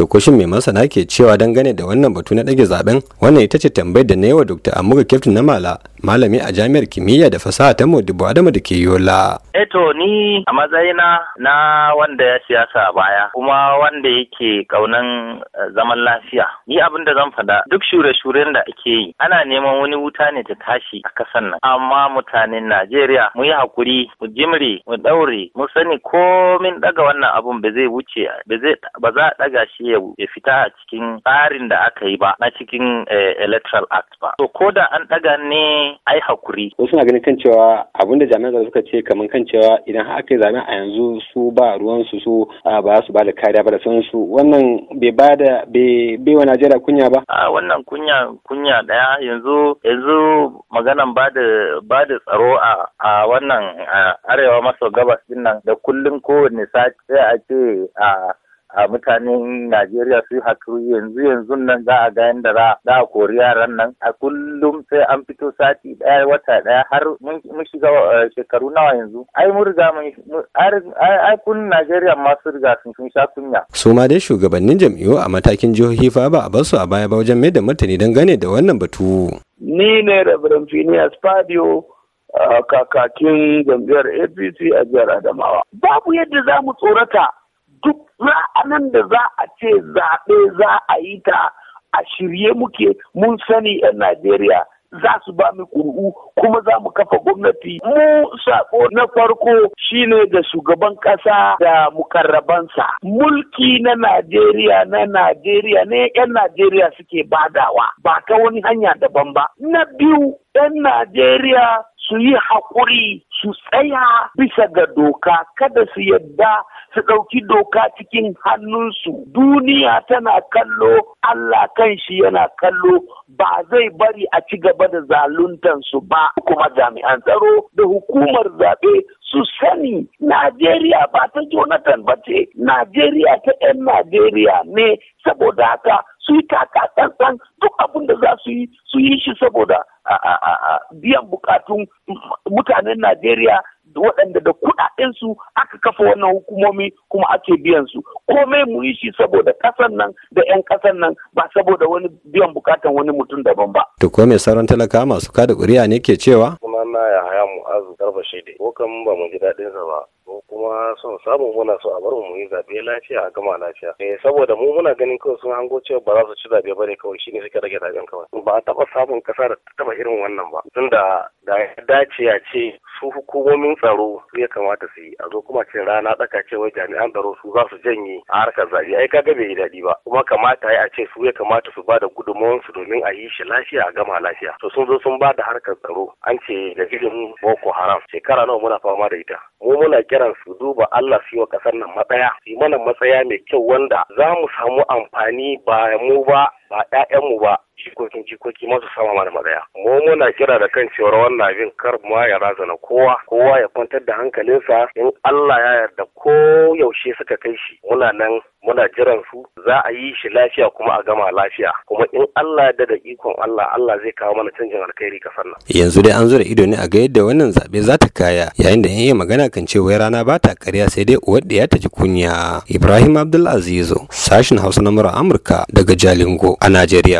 To kushin mai masana ke cewa dangane da wannan batu na ɗage zaben wannan ita ce tambayar da na wa Dr. Amuga Kyaftin na Mala malami a jami'ar kimiyya da fasaha ta Modibo Adamu da ke Yola. Eto eh ni a matsayina na wanda ya siyasa a baya kuma wanda yake kaunan eh, zaman lafiya. Ni abin da zan faɗa duk shure-shuren da ake yi ana neman wani wuta ne ta tashi a kasan nan. Amma mutanen Najeriya mu yi hakuri mu jimre mu ɗaure mu sani komin ɗaga wannan abun ba zai wuce ba za a ɗaga shi iya ya fita a cikin tsarin da aka yi ba na cikin eh, electoral act ba to ko da an ɗaga ne ai hakuri wasu na ganin kan cewa abin da jami'an suka ce kamar kan cewa idan har aka yi zaben a yanzu su ba ruwan su su ba su ba da kariya ba da su wannan bai ba da bai wa Najeriya kunya ba a wannan kunya kunya daya yanzu yanzu maganan ba da ba da tsaro a wannan arewa maso gabas din nan da kullum kowanne sati sai a ce a a mutanen Najeriya su hakuri yanzu yanzu nan za a ga yadda za a kori yaran nan a kullum sai an fito sati ɗaya wata daya, har mun shiga eh, shekaru nawa yanzu ai mun riga mun ai kun Najeriya masu su riga sun sha kunya su ma dai shugabannin jam'iyyu a matakin jihohi fa ba a bar su a baya ba wajen mai da martani dangane da wannan batu ni ne Reverend Phineas Fadio eh, kakakin jam'iyyar APC a jihar Adamawa babu yadda za mu tsorata ra'anan da za a ce zaɓe za a yi ta a shirye muke mun sani 'yan Najeriya za su ba mu ƙuri'u kuma za mu kafa gwamnati. Mu saƙo na farko shine da shugaban ƙasa da mukarrabansa. Mulki na Najeriya na Najeriya ne 'yan Najeriya suke badawa ba ta wani hanya daban ba. Na biyu 'yan Najeriya su yi haƙuri su tsaya bisa ga doka kada su yadda su ɗauki doka cikin hannunsu duniya tana kallo Allah kan shi yana kallo ba zai bari a ci gaba da zaluntansu ba kuma jami'an tsaro da hukumar zaɓe su sani Najeriya ba ta Jonathan ba ce Najeriya ta 'yan Najeriya ne saboda haka su yi kaka tsantsan duk abin da za su yi su yi shi saboda biyan bukatun mutanen Najeriya waɗanda da kuɗaɗensu aka kafa wannan hukumomi kuma ake biyan su komai mu yi shi saboda ƙasar nan da 'yan ƙasar nan ba saboda wani biyan bukatan wani mutum daban ba. To ko mai sauran talaka masu kada ƙuri'a ne ke cewa? Kuma na ya haya mu azu karfashe da Ko kan ba mu ji daɗinsa ba. ko kuma son samu muna so a bar mu yi zaɓe lafiya a gama lafiya eh saboda mu muna ganin kawai sun hango cewa ba za su ci zaɓe bane kawai shine suke rage zaɓen kawai ba a taɓa samun ƙasa da ta taɓa irin wannan ba tunda da ya dace a ce su hukumomin tsaro su ya kamata su yi a zo kuma cin rana tsaka cewa jami'an tsaro su za su janye a harkar zaɓe ai kaga bai yi daɗi ba kuma kamata ya a ce su ya kamata su ba da gudunmawar su domin a yi shi lafiya a gama lafiya to sun zo sun ba da harkar tsaro an ce da irin boko haram shekara nawa muna fama da ita mu muna kiran su duba Allah su yi wa kasar nan matsaya su mana matsaya mai kyau wanda za mu samu amfani ba mu ba ba 'ya'yanmu ba jikokin jikoki masu sama mana matsaya mu muna kira da kan cewar wannan abin kar ma ya razana kowa kowa ya kwantar da hankalinsa in Allah ya yarda ko yaushe suka kai shi muna nan muna jiran su za a yi shi lafiya kuma a gama lafiya kuma in Allah da da ikon Allah Allah zai kawo mana canjin alkhairi ka nan yanzu dai an zura ido ne a ga yadda wannan zabe za ta kaya yayin da yayin magana kan cewa wai rana ba ta karya sai dai uwar ya ta ji kunya Ibrahim Abdul Azizo sashin Hausa na Amurka daga Jalingo a Najeriya